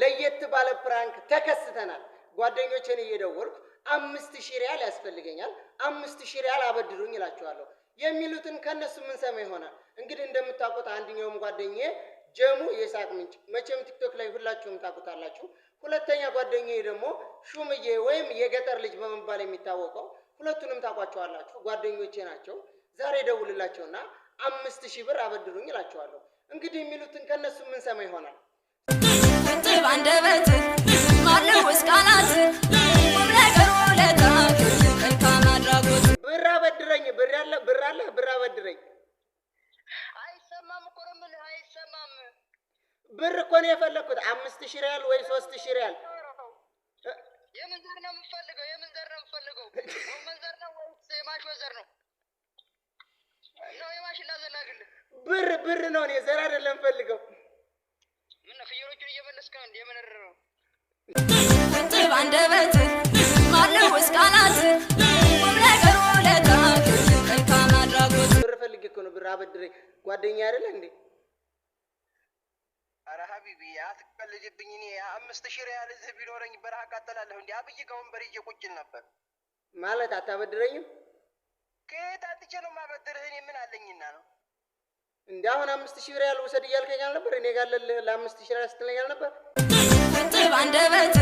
ለየት ባለ ፕራንክ ተከስተናል። ጓደኞቼን እየደወልኩ አምስት ሺህ ሪያል ያስፈልገኛል፣ አምስት ሺህ ሪያል አበድሩኝ ይላቸዋለሁ የሚሉትን ከእነሱ ሰማ ይሆናል። እንግዲህ እንደምታውቁት አንደኛውም ጓደኛዬ ጀሙ የሳቅ ምንጭ መቼም ቲክቶክ ላይ ሁላችሁም ታውቁታላችሁ። ሁለተኛ ጓደኛዬ ደግሞ ሹምዬ ወይም የገጠር ልጅ በመባል የሚታወቀው ሁለቱንም ታውቋቸዋላችሁ፣ ጓደኞቼ ናቸው። ዛሬ ደውልላቸውና አምስት ሺህ ብር አበድሩኝ ይላቸዋለሁ። እንግዲህ የሚሉትን ከእነሱ ሰማ ይሆናል። ብር አበድረኝ፣ ብር ያለ ብር አለ፣ እኮ ነው የምልህ፣ የፈለግኩት፣ አምስት ሺህ ሪያል ወይ ሶስት ሺህ ሪያል የምን ዘር ነው የምፈልገው? የምን ዘር ነው የምፈልገው? ጎመን ዘር ነው ወይስ የማሽ ዘር ነው? ነው የማሽ ላዘላግልህ። ብር ብር ነው፣ እኔ ዘር አይደለም የምፈልገው ብር ፈልጌ እኮ ነው። ብር አበድረኝ ጓደኛ አይደለ እንዴ? ኧረ ሀቢቢ አትቀልጅብኝ። እኔ አምስት ሺህ ሪያል እዚህ ቢኖረኝ በረሃ አቃጠላለሁ። እንዲ አብይ ከወንበር ይዤ ቁጭ ነበር ማለት አታበድረኝም? ከየት አጥቼ ነው የማበድርህ? እኔ ምን አለኝና ነው እንደ አሁን አምስት ሺህ ብር ያህል ውሰድ እያልከኝ አልነበር? እኔ ጋር ለአምስት ሺህ ብር ስትለኝ አልነበር? እጥብ አንደበት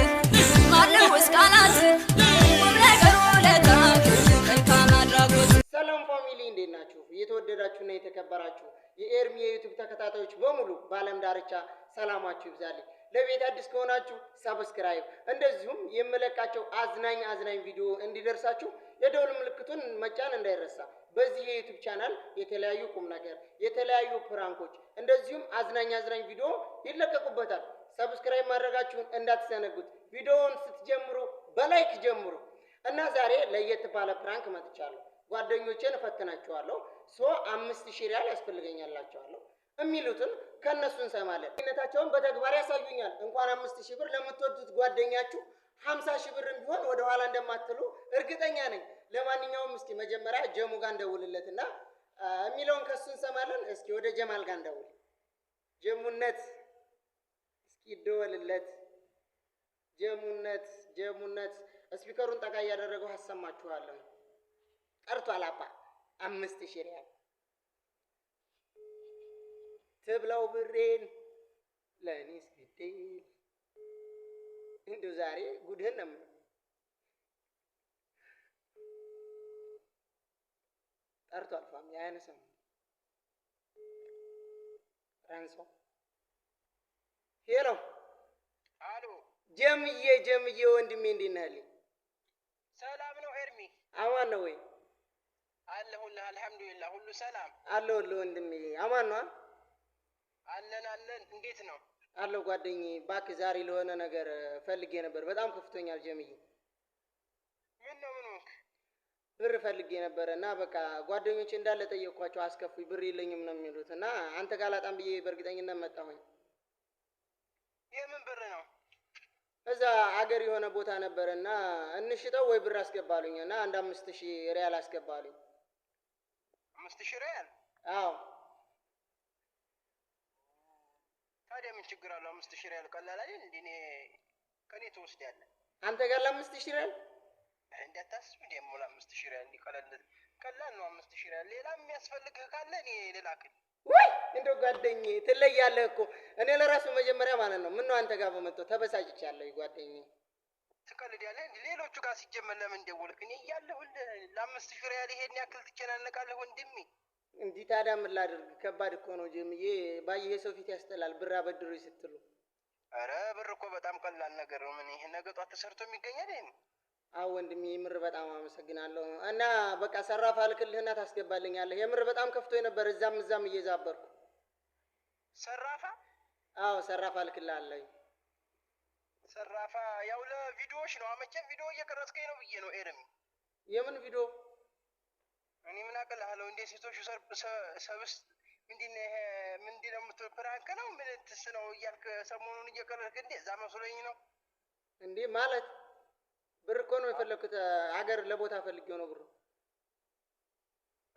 ፋሚሊ እንዴት ናችሁ? እየተወደዳችሁና የተከበራችሁ የኤርሚ የዩቱብ ተከታታዮች በሙሉ በዓለም ዳርቻ ሰላማችሁ ይብዛልኝ። ለቤት አዲስ ከሆናችሁ ሰብስክራይብ፣ እንደዚሁም የምለቃቸው አዝናኝ አዝናኝ ቪዲዮ እንዲደርሳችሁ የደውል ምልክቱን መጫን እንዳይረሳ በዚህ የዩቲዩብ ቻናል የተለያዩ ቁም ነገር፣ የተለያዩ ፕራንኮች እንደዚሁም አዝናኝ አዝናኝ ቪዲዮ ይለቀቁበታል። ሰብስክራይብ ማድረጋችሁን እንዳትዘነጉት። ቪዲዮውን ስትጀምሩ በላይክ ጀምሩ እና ዛሬ ለየት ባለ ፕራንክ መጥቻለሁ። ጓደኞቼን እፈትናችኋለሁ። ሶ አምስት ሺ ሪያል ያስፈልገኛላቸዋለሁ የሚሉትን ከእነሱ እንሰማለን። ነታቸውን በተግባር ያሳዩኛል። እንኳን አምስት ሺ ብር ለምትወዱት ጓደኛችሁ ሀምሳ ሺ ብር ቢሆን ወደኋላ እንደማትሉ እርግጠኛ ነኝ። ለማንኛውም እስኪ መጀመሪያ ጀሙ ጋር እንደውልለትና የሚለውን ከሱ እንሰማለን። እስኪ ወደ ጀማል ጋር እንደውል። ጀሙነት እስኪ ደወልለት። ጀሙነት ጀሙነት ስፒከሩን ጠቃ እያደረገው አሰማችኋለሁ። ቀርቷል አባ አምስት ሺህ ሪያል ትብለው ብሬን ለእኔ ስግዴ እንደው ዛሬ ጉድህን ነው ጠርቷል። ፋሚ አያነሳም። ረንሶ ሄሎ፣ አሎ፣ ጀምዬ ጀምዬ፣ ወንድሜ እንዴት ነህ አለኝ። ሰላም ነው ኤርሚ? አማን ነው ወይ? አለሁልህ፣ አልሐምዱሊላህ፣ ሁሉ ሰላም አለሁልህ ወንድሜ። አማን ነው? አለን አለን። እንዴት ነው? አለሁ ጓደኛዬ። እባክህ ዛሬ ለሆነ ነገር ፈልጌ ነበር፣ በጣም ከፍቶኛል ጀምዬ ብር ፈልጌ ነበረ እና በቃ ጓደኞች እንዳለ ጠየቅኳቸው፣ አስከፉኝ፣ ብር የለኝም ነው የሚሉት እና አንተ ጋር ላጣም ብዬ በእርግጠኝነት መጣሁኝ። የምን ብር ነው? እዛ አገር የሆነ ቦታ ነበረ እና እንሽጠው ወይ ብር አስገባሉኝ እና አንድ አምስት ሺህ ሪያል አስገባሉኝ። አምስት ሺህ ሪያል? አዎ። ታዲያ ምን ችግር አለው? አምስት ሺህ ሪያል ቀላል አይደል? እንደ እኔ ከእኔ ያለ አንተ ጋር ለአምስት ሺህ ሪያል እንዳታስብ እንዲ ሞላ አምስት ሺ ሪያል እንዲቀለል ቀላል ነው። አምስት ሺ ሪያል ሌላ የሚያስፈልግህ ካለ እኔ ልላክል። ወይ እንደ ጓደኝ ትለያለህ እኮ እኔ ለራሱ መጀመሪያ ማለት ነው። ምነው አንተ ጋር በመጣሁ ተበሳጭቻለሁ። ጓደኝ ትቀልዳለህ። ሌሎቹ ጋር ሲጀመር ለምን ደወልክ? እኔ እያለሁልህ ለአምስት ሺ ሪያል ይሄን ያክል ትጨናነቃለህ ወንድሜ? እንዲህ ታዲያ ምን ላድርግ? ከባድ እኮ ነው ጀምዬ። ባየ የሰው ፊት ያስጠላል። ብር አበድሮኝ ስትሉ ኧረ ብር እኮ በጣም ቀላል ነገር ነው። ምን ይሄ ነገ ጧት ተሰርቶ የሚገኛል ይሄን አዎ ወንድሜ የምር በጣም አመሰግናለሁ። እና በቃ ሰራፍ አልክልህና ታስገባልኛለህ። የምር በጣም ከፍቶ ነበር፣ እዛም እዛም እየዛበርኩ ሰራፋ። አዎ ሰራፍ አልክልሃለሁ። ሰራፋ ያው ለቪዲዮዎች ነው። መቼም ቪዲዮ እየቀረጽከኝ ነው ብዬ ነው። ኤርሚ የምን ቪዲዮ? እኔ ምን አቅልሃለሁ እንዴ? ሴቶቹ ሰብስ ምንድን ምንድን ነው የምትል ፕራንክ ነው ምን ትስ ነው እያልክ ሰሞኑን እየቀረጽክ እንዴ? እዛ መስሎኝ ነው እንዴ ማለት ብር እኮ ነው የፈለግኩት። አገር ለቦታ ፈልጌው ነው ብሩ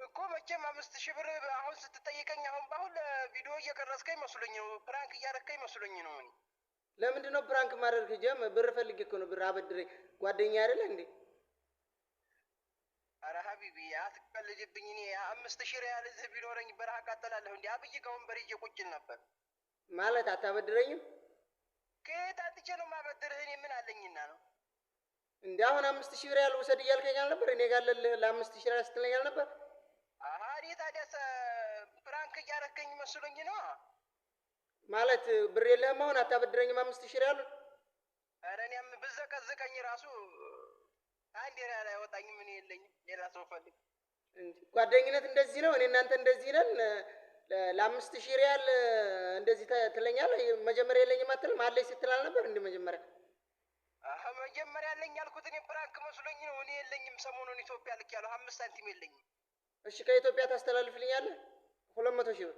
እኮ መቼም አምስት ሺህ ብር አሁን ስትጠይቀኝ፣ አሁን በአሁን ቪዲዮ እየቀረጽከኝ መስሎኝ ነው፣ ፕራንክ እያደረግከኝ መስሎኝ ነው። እኔ ለምንድን ነው ፕራንክ ማድረግ? ጀም ብር ፈልጌ እኮ ነው። ብር አበድረኝ ጓደኛ አይደለ እንዴ? አረ ሀቢቢ አትቀልድብኝ። እኔ አምስት ሺህ ሪያል እዚህ ቢኖረኝ በረሃ አቃጠላለሁ። እንዲ አብይ ከወንበሬ እየቆጭል ነበር ማለት አታበድረኝም? ከየት አጥቼ ነው ማበድርህ? እኔ ምን አለኝና ነው እንደ አሁን አምስት ሺህ ብር ያልወሰድ እያልከኝ አልነበር? እኔ ጋር ለአምስት ሺህ ብር ስትለኝ አልነበር? እኔ ታዲያ ፍራንክ እያረከኝ መስሎኝ ነው። ማለት ብር የለህም አሁን አታበድረኝም? አምስት ሺህ ብር ያሉት ኧረ እኔም ብዘቀዝቀኝ ራሱ አንድ ሪያል አይወጣኝም። ምን የለኝም፣ ሌላ ሰው ፈልግ። ጓደኝነት እንደዚህ ነው። እኔ እናንተ እንደዚህ ነን። ለአምስት ሺህ ሪያል እንደዚህ ትለኛለህ። መጀመሪያ የለኝም አትልም? አለኝ ስትል አልነበር እንደ መጀመሪያ መጀመሪያ ያለኝ ያልኩት እኔ ፕራንክ መስሎኝ ነው። እኔ የለኝም፣ ሰሞኑን ኢትዮጵያ ልክ ያለው አምስት ሳንቲም የለኝም። እሺ ከኢትዮጵያ ታስተላልፍልኛለህ? ሁለት መቶ ሺህ ብር።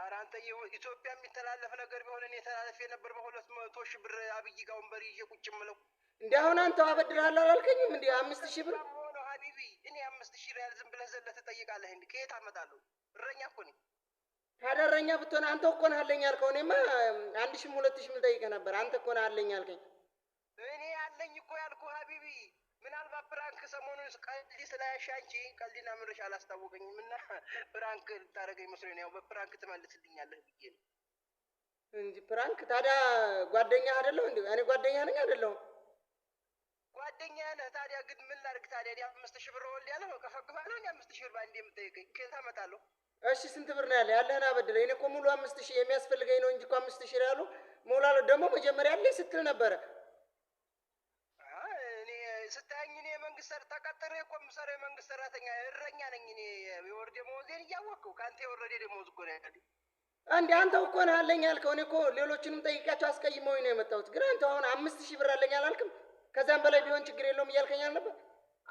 ኧረ አንተ ኢትዮጵያ የሚተላለፍ ነገር ቢሆን እኔ የተላለፍ የነበር በሁለት መቶ ሺህ ብር አብይ ጋ ወንበር ይዤ ቁጭ ምለው እንዲ። አሁን አንተ አበድርሃለሁ አላልከኝም? እንዲ አምስት ሺህ ብር ሆነ ሀቢቢ። እኔ አምስት ሺህ ሪያል ዝም ብለህ ዘለ ትጠይቃለህ? እንዲ ከየት አመጣለሁ? እረኛ እኮ ነኝ። ታዲያ እረኛ ብትሆን አንተ እኮ ነህ አለኝ ያልከው። እኔማ አንድ ሺህም ሁለት ሺህም ልጠይቅህ ነበር። አንተ እኮ ነህ አለኝ ያልከኝ ነኝ እኮ ያልኩ ሀቢቢ ምናልባት ብራንክ ሰሞኑን ቀልድ ስላያሻ አንቺ ቀልድና ምርሽ አላስታወቀኝም እና ብራንክ ልታደርገኝ መስሎኝ ነው። ያው በፕራንክ ትመልስልኛለህ ብዬ ነው እንጂ ፕራንክ። ታዲያ ጓደኛ አደለሁ እንዲ? እኔ ጓደኛ ነኝ አደለሁ? ጓደኛ ነህ። ታዲያ ግን ምን ላድርግ ታዲያ? ዲ አምስት ሺህ ብር ወልድ ያለ በቃ ባለ እኔ አምስት ሺህ ብር ባንዴ የምጠይቀኝ ከየት አመጣለሁ? እሺ ስንት ብር ነው ያለ? ያለህን አበድረኝ። እኔ እኮ ሙሉ አምስት ሺህ የሚያስፈልገኝ ነው እንጂ እኮ አምስት ሺህ ያሉ ሞላለ ደግሞ መጀመሪያ ላይ ስትል ነበረ ስታየኝ እኔ የመንግስት ሰር ተቀጥሬ እኮ የምሰራው የመንግስት ሰራተኛ እረኛ ነኝ። እኔ የወር ደመወዜን እያወቅሁ ከአንተ የወረደ ደመወዝ እኮ ነው ያለኝ። አንድ አንተው እኮ ነህ አለኝ ያልከው። እኔ እኮ ሌሎችንም ጠይቃቸው አስቀይመውኝ ነው የመጣሁት። ግን አንተ አሁን አምስት ሺህ ብር አለኝ አላልክም? ከዛም በላይ ቢሆን ችግር የለውም እያልከኝ አልነበር?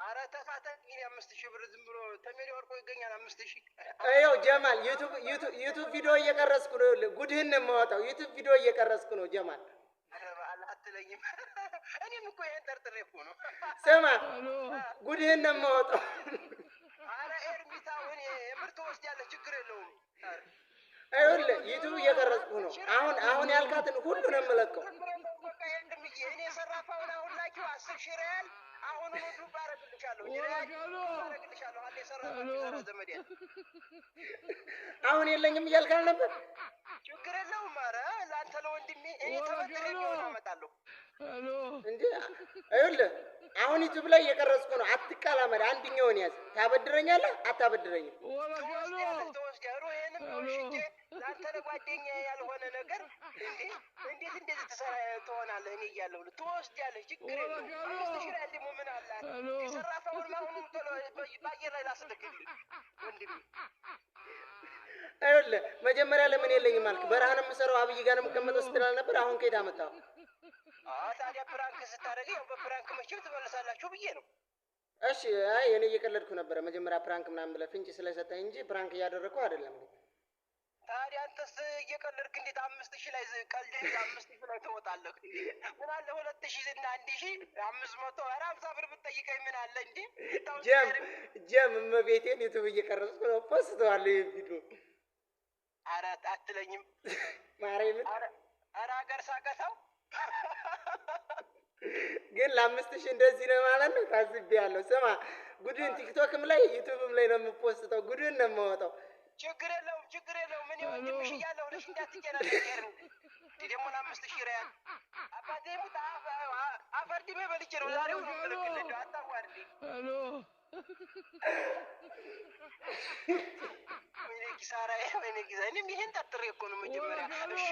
አረ ተፋተን እንግዲህ አምስት ሺህ ብር ዝም ብሎ ተሜሪ ወርቆ ይገኛል። አምስት ሺህ ይኸው ጀማል፣ ዩቱብ ቪዲዮ እየቀረስኩ ነው። ጉድህን ነው የማወጣው። ዩቱብ ቪዲዮ እየቀረስኩ ነው ጀማል አትለኝም። እኔም እኮ ይሄን ጠርጥሬ እኮ ነው። ስማ ጉድህን ነው የማወጣው። ኧረ ኤርሚታ እኔ ምርት ወስጃለሁ፣ ችግር የለውም። ይኸውልህ ዩቱብ እየቀረጽኩ ነው አሁን አሁን ያልካትን ሁሉ ነው የምለቀው። እኔ የሰራፋውን አሁን ላኪው አስር ሺህ ሪያል አሁን ሁሉ ባረግልሻለሁ ባረግልሻለሁ። ዘመድ አሁን የለኝም እያልካል ነበር። ችግር የለውም። አረ ተበቀለ ወንድሜ እኔ ተበቀለ ቢሆን አመጣለሁ። ይኸውልህ አሁን ዩቱብ ላይ እየቀረጽኩ ነው። አትቀላመድ። አንድኛውን ያዝ። ታበድረኛለህ? አታበድረኝም? ለአንተ ለጓደኛ ያልሆነ ነገር እንዴት እንደዚህ ትሰራ ትሆናለህ? እኔ እያለሁ ትወስዳለህ። ችግር የለውም። አምስት ሺህ ላይ ደግሞ ምን አለ የሰራተውን አሁኑን በአየር ላይ ላስለግልህ ወንድሜ አይደለ? መጀመሪያ ለምን የለኝም አልክ? በረሃ ነው የምሰራው አብይ ጋር ነው የምቀመጠው ስትላል ነበር። አሁን ከየት አመጣው? ታዲያ ፕራንክ ስታደርግ ያው በፕራንክ መቼም ትመልሳላችሁ ብዬ ነው። እሺ፣ አይ እኔ እየቀለድኩ ነበረ። መጀመሪያ ፕራንክ ምናምን ብለህ ፍንጭ ስለሰጠኝ እንጂ ፕራንክ እያደረግኩ አይደለም። ታዲያ አንተስ እየቀለድክ እንዴት አምስት ሺህ ላይ ቀልድ አምስት ሺህ ላይ ትወጣለህ? ምን አለ ሁለት ሺህ እና አንድ ሺህ አምስት መቶ ኧረ ሀምሳ ብር ብትጠይቀኝ ምን አለ እንዴ? ጀም ጀም እመቤቴን ዩቱብ እየቀረጽኩ ነው ፖስተዋለሁ ቪዲዮ ኧረ አትለኝም። ማርያምን ኧረ ሀገር ሳቀሰው ግን ለአምስት ሺህ እንደዚህ ነው ማለት ነው። ታዝቤያለሁ። ስማ ጉድን ቲክቶክም ላይ ዩቱብም ላይ ነው የምፖስተው። ጉድን ነው የማወጣው። ችግር የለውም፣ ችግር የለውም። እኔ ወንድምሽ እያለሁ ልጅ እንዳትገና ደግሞ ለአምስት ሺህ ሪያል አባቴ ሙት አፈርድሜ በልቼ ነው ዛሬው ነው ምልክል አታዋርድ ኪሳራ ወይኔ ኪሳራ። እኔም ይሄን ጠርጥሬ እኮ ነው መጀመሪያ እሺ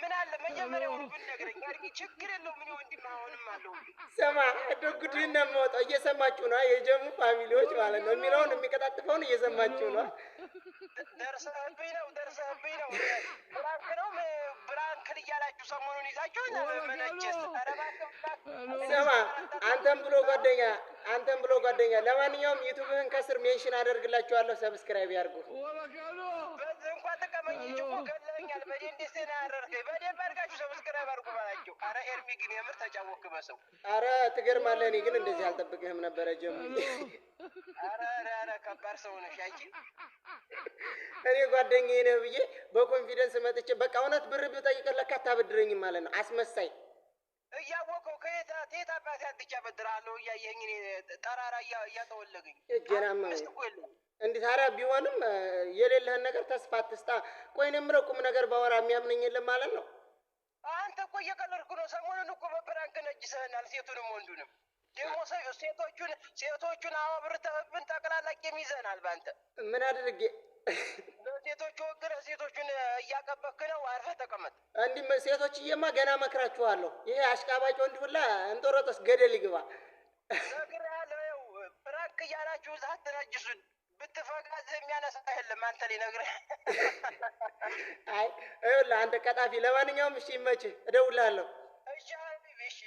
ምን አለ መጀመሪያውኑ ብትነግረኝ አድርጊ፣ ችግር የለውም። እኔ ወንድም አሁንም አለው ሰማ ደግዱ እንደማወጣው እየሰማችሁ ነው የጀሙ ፋሚሊዎች ማለት ነው። የሚለውን የሚቀጣጥፈውን እየሰማችሁ ነው። ደርሰብኝ ነው ደርሰብኝ ነው ራክ ነው ያክል እያላችሁ ሰሞኑን ይዛችሁ መነጀስ አንተም ብሎ ጓደኛ አንተም ብሎ ጓደኛ። ለማንኛውም ዩቱብህን ከስር ሜንሽን አደርግላችኋለሁ። ሰብስክራይብ ያድርጉ። እንኳን ተቀመኝ ጭቆ ገለኛል። በደንብ ስና ያደርገኝ በደንብ አድርጋችሁ ሰብስክራይብ አድርጉ በላቸው። አረ ኤርሚ ግን የምር ተጫወክ በሰው አረ ትገርማለህ። እኔ ግን እንደዚህ አልጠብቅህም ነበረ ጀሙ። አረ አረ ከባድ ሰው ነሽ አንቺ እኔ ጓደኛዬ ነህ ብዬ በኮንፊደንስ መጥቼ በቃ እውነት ብር ብጠይቅህ ለካ አታበድረኝም ማለት ነው። አስመሳይ እያወቀው ከየት ከየት አባቴ አድቻ በድርሃለሁ እያየኸኝ ጠራራ እያጠወለገኝ እጀናማ እንዲህ ታዲያ ቢሆንም የሌለህን ነገር ተስፋ አትስጣ። ቆይ የምለው ቁም ነገር ባወራ የሚያምነኝ የለም ማለት ነው። አንተ እኮ እየቀለድኩ ነው። ሰሞኑን እኮ በፕራንክ ነጅሰህናል ሴቱንም ወንዱንም ደግሞ ሴቶቹን ሴቶቹን አብርተህብን ጠቅላላ ቂም ይዘናል። በአንተ ምን አድርጌ ሴቶቹ ወግነ ሴቶቹን እያቀበክ ነው። አርፈህ ተቀመጥ። እንዲህ ሴቶችዬማ ገና መክራችኋለሁ። ይሄ አሽቃባጭ ወንድ ሁላ እንጦሮጦስ ገደል ይግባ ነግሬሃለሁ። ይኸው ፍራንክ እያላችሁ እዛ አትነጅሱን። ብትፈጋ እዚህ የሚያነሳ የለም። አንተ ሊነግርህ አይ ይኸውልህ አንተ ቀጣፊ። ለማንኛውም እሺ ይመችህ፣ እደውልልሃለሁ። እሺ እሺ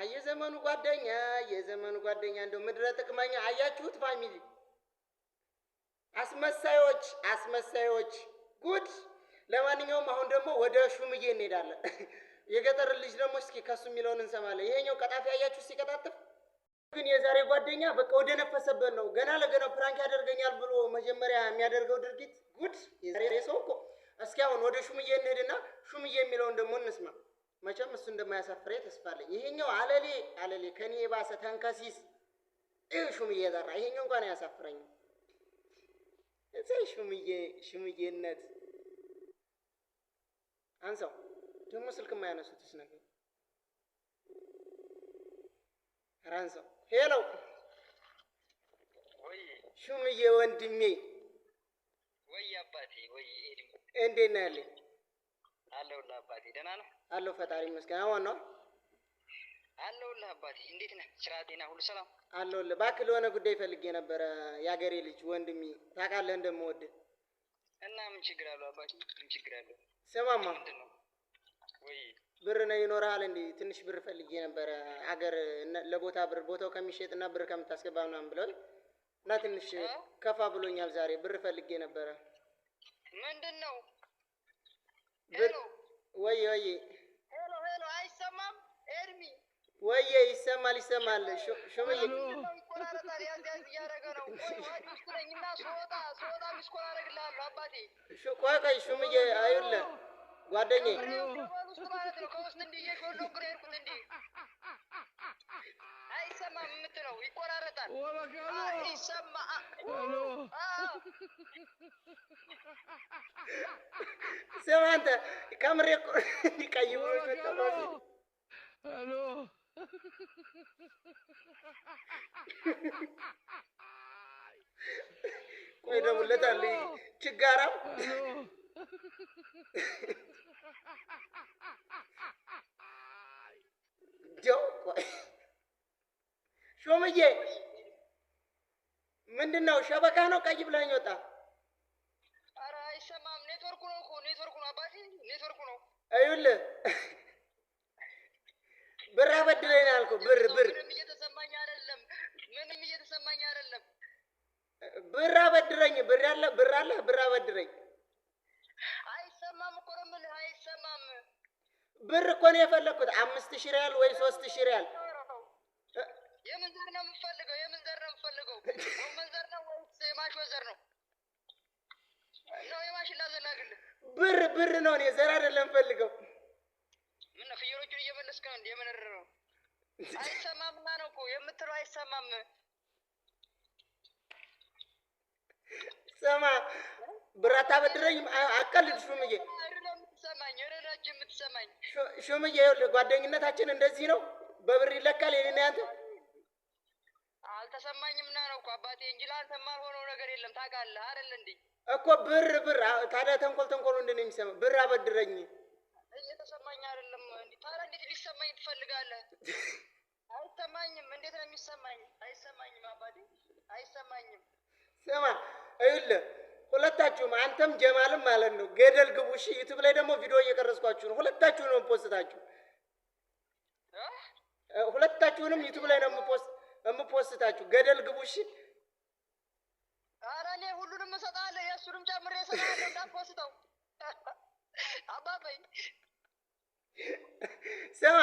አየዘመኑ ጓደኛ የዘመኑ ጓደኛ እንደው ምድረ ጥቅመኛ አያችሁት ፋሚሊ አስመሳዮች አስመሳዮች ጉድ ለማንኛውም አሁን ደግሞ ወደ ሹምዬ እንሄዳለን የገጠር ልጅ ደግሞ እስኪ ከሱ የሚለውን እንሰማለን ይሄኛው ቀጣፊ አያችሁ ሲቀጣጥፍ ግን የዛሬ ጓደኛ በቃ ወደ ነፈሰበት ነው ገና ለገና ፕራንክ ያደርገኛል ብሎ መጀመሪያ የሚያደርገው ድርጊት ጉድ የዛሬ ሰው እኮ እስኪ አሁን ወደ ሹምዬ እንሄድና ሹምዬ የሚለውን ደግሞ እንስማ መቼም እሱ እንደማያሳፍረ ተስፋ አለኝ። ይሄኛው አለሌ አለሌ ከኔ የባሰ ተንከሲስ ሹም እየጠራ ይሄኛው እንኳን አያሳፍረኝም። እዛ ሹምዬ ሹምዬነት አንሳው ደግሞ ስልክ የማያነሱትስ ነገር ኧረ አንሳው። ሄሎ ሹምዬ ወንድሜ፣ ወይ አባቴ፣ ወይ እንዴት ነህ ያለኝ? አለሁልህ አባቴ፣ ደህና ነህ? አለሁ ፈጣሪ ይመስገን። አሁን ነው አለሁልህ አባቴ። እንዴት ነህ? ስራ፣ ጤና ሁሉ ሰላም? አለሁልህ። እባክህ ለሆነ ጉዳይ ፈልጌ ነበረ። የአገሬ ልጅ ወንድሜ፣ ታውቃለህ እንደምወድህ እና ምን ችግር አለው አባቴ? ምን ችግር አለው? ስማማ ብር ነው ይኖርሃል እንዴ? ትንሽ ብር ፈልጌ ነበረ አገር ለቦታ ብር ቦታው እና ብር ከምታስገባ ምናምን ብለውኝ እና ትንሽ ከፋ ብሎኛል። ዛሬ ብር ፈልጌ ነበረ። ምንድን ነው ወይ ወይ አይሰማም? ኤርሚ ወይዬ፣ ይሰማል ይሰማል። ሹምዬ ይቆራረጣል። ነው። ስነኝና ስወጣ አባቴ። ቆይ ቆይ፣ ሹምዬ አዩልህ ጓደኛዬ ውስጥ ማለት የምትለው ይቆራረጣል። Hallo. ቆይ እደውልለታለሁ። ችጋራም እንደው ቆይ ሾምዬ ምንድን ነው ሸበካ ነው? ቀይ ብለኸኝ ወጣ። ኧረ አይሰማም። ኔትወርኩ ነው እኮ ኔትወርኩ ነው አባቴ ኔትወርኩ ነው። ይኸውልህ ብር አበድረኝ ነው ያልኩህ። ብር ብር ብር አበድረኝ ብር ያለ ብር አለ ብር አበድረኝ። አይሰማም እኮ ነው የምልህ አይሰማም። ብር እኮ ነው የፈለግኩት አምስት ሺህ ሪያል ወይ ሶስት ሺህ ሪያል። የምን ዘር ነው የምፈልገው? የምን ዘር ነው የምፈልገው? ጎመን ዘር ነው ወይስ የማሽ ዘር ነው? ነው የማሽላ ዘር ብር ብር ነው እኔ ዘር አይደለም የምፈልገው እንዴ የምንር ነው። አይሰማም ማ ነው እኮ የምትለው አይሰማም። ሰማ ብራታ በድረኝ አቀልድ ሹምዬ ሰማኝ ረዳች የምትሰማኝ ሹምዬ፣ ጓደኝነታችን እንደዚህ ነው። በብር ይለካል። የኔን ያንተ አልተሰማኝም ና ነው እኮ አባቴ እንጂ ለአንተ የማልሆነው ነገር የለም። ታውቃለህ አይደል እንዴ? እኮ ብር ብር። ታዲያ ተንኮል ተንኮሉ እንድን የሚሰማ ብር አበድረኝ እየተሰማኝ አይደለም ኧረ እንዴት ሊሰማኝ ትፈልጋለህ? አይሰማኝም። እንዴት ነው የሚሰማኝ? አይሰማኝም አባቴ አይሰማኝም። ስማ ይኸውልህ፣ ሁለታችሁም አንተም ጀማልም ማለት ነው ገደል ግቡ። እሺ፣ ዩቲዩብ ላይ ደግሞ ቪዲዮ እየቀረጽኳችሁ ነው። ሁለታችሁ ነው የምፖስታችሁ። ሁለታችሁንም ዩቲዩብ ላይ ነው የምፖስታችሁ። ገደል ግቡ። እሺ። ኧረ እኔ ሁሉንም እሰጥሀለሁ፣ የእሱንም ጨምሬ እሰጥሀለሁ። እንዳትፖስተው አባበኝ ስማ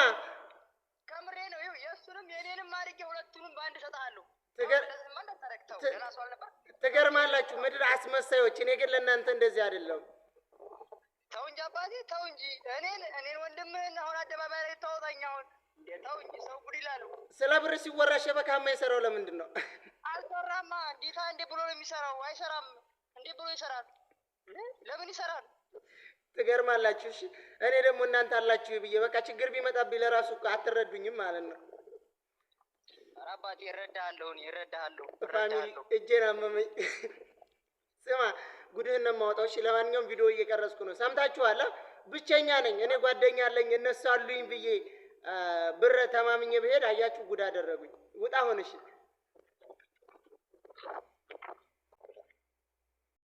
ከምሬ ነው። ይኸው የእሱንም የእኔንም አድርጌ ሁለቱንም በአንድ እሰጥሃለሁ። ትገርማላችሁ ምድር አስመሳዮች። እኔ ግን ለእናንተ እንደዚህ አይደለም። ተው እንጂ አባቴ ተው እንጂ እኔን እኔን ወንድምህን አሁን አደባባይ ላይ ታወጣኝ። አሁን ተው እንጂ ሰው ጉድ ይላሉ። ስለ ብር ሲወራ ሸበካ የማይሰራው ለምንድን ነው? አልሰራማ። ጌታ እንዴ ብሎ ነው የሚሰራው? አይሰራም። እንዴ ብሎ ይሰራል? ለምን ይሰራል? ትገርማላችሁ። እሺ እኔ ደግሞ እናንተ አላችሁ ብዬ በቃ ችግር ቢመጣብኝ ለራሱ እኮ አትረዱኝም ማለት ነው። አባቴ እረዳሃለሁ፣ እኔ እረዳሃለሁ። ፋሚሊ እጄን አመመኝ። ስማ ጉድህን ነው የማወጣው። እሺ ለማንኛውም ቪዲዮ እየቀረጽኩ ነው። ሰምታችኋል። ብቸኛ ነኝ እኔ ጓደኛ አለኝ እነሱ አሉኝ ብዬ ብር ተማምኜ ብሄድ አያችሁ ጉድ አደረጉኝ። ውጣ ሆነሽ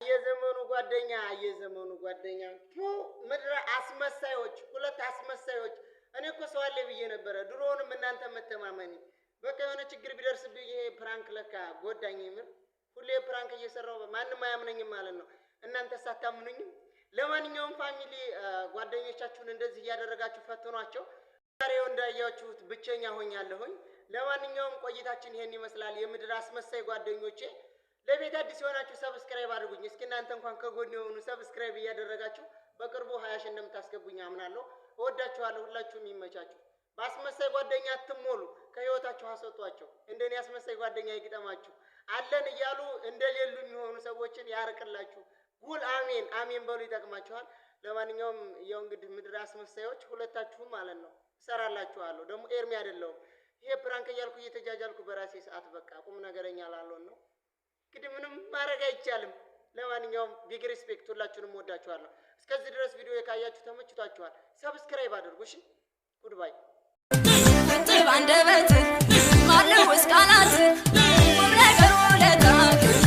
የዘመኑ ጓደኛ የዘመኑ ጓደኛ ምድረ አስመሳዮች፣ ሁለት አስመሳዮች። እኔ እኮ ሰው አለ ብዬ ነበረ። ድሮውንም እናንተ መተማመኒ በቃ የሆነ ችግር ቢደርስብኝ ይሄ ፕራንክ ለካ ጎዳኝ። የምር ሁሌ ፕራንክ እየሰራው ማንም አያምነኝም ማለት ነው፣ እናንተ ሳታምኑኝም። ለማንኛውም ፋሚሊ ጓደኞቻችሁን እንደዚህ እያደረጋችሁ ፈትኗቸው። ዛሬው እንዳያችሁት ብቸኛ ሆኛለሁኝ። ለማንኛውም ቆይታችን ይሄን ይመስላል። የምድር አስመሳይ ጓደኞቼ ለቤት አዲስ የሆናችሁ ሰብስክራይብ አድርጉኝ። እስኪ እናንተ እንኳን ከጎን የሆኑ ሰብስክራይብ እያደረጋችሁ በቅርቡ ሀያ ሺህ እንደምታስገቡኝ አምናለሁ። እወዳችኋለሁ። ሁላችሁም ይመቻችሁ። በአስመሳይ ጓደኛ አትሞሉ። ከህይወታችሁ አሰጧቸው። እንደኔ አስመሳይ ጓደኛ ይግጠማችሁ። አለን እያሉ እንደሌሉ የሚሆኑ ሰዎችን ያርቅላችሁ። ጉል አሜን አሜን በሉ፣ ይጠቅማችኋል። ለማንኛውም ያው እንግዲህ ምድር አስመሳዮች ሁለታችሁም ማለት ነው እሰራላችኋለሁ። ደግሞ ኤርሚ አይደለሁም ይሄ ፕራንክ እያልኩ እየተጃጃልኩ በራሴ ሰዓት በቃ ቁም ነገረኛ ላለውን ነው እንግዲህ ምንም ማድረግ አይቻልም። ለማንኛውም ቢግ ሪስፔክት ሁላችሁንም ወዳችኋለሁ። እስከዚህ ድረስ ቪዲዮ የካያችሁ ተመችቷችኋል፣ ሰብስክራይብ አድርጉ። እሺ ጉድ ባይ። አንደበት ማለው እስካላት ቁም ነገር ውለታ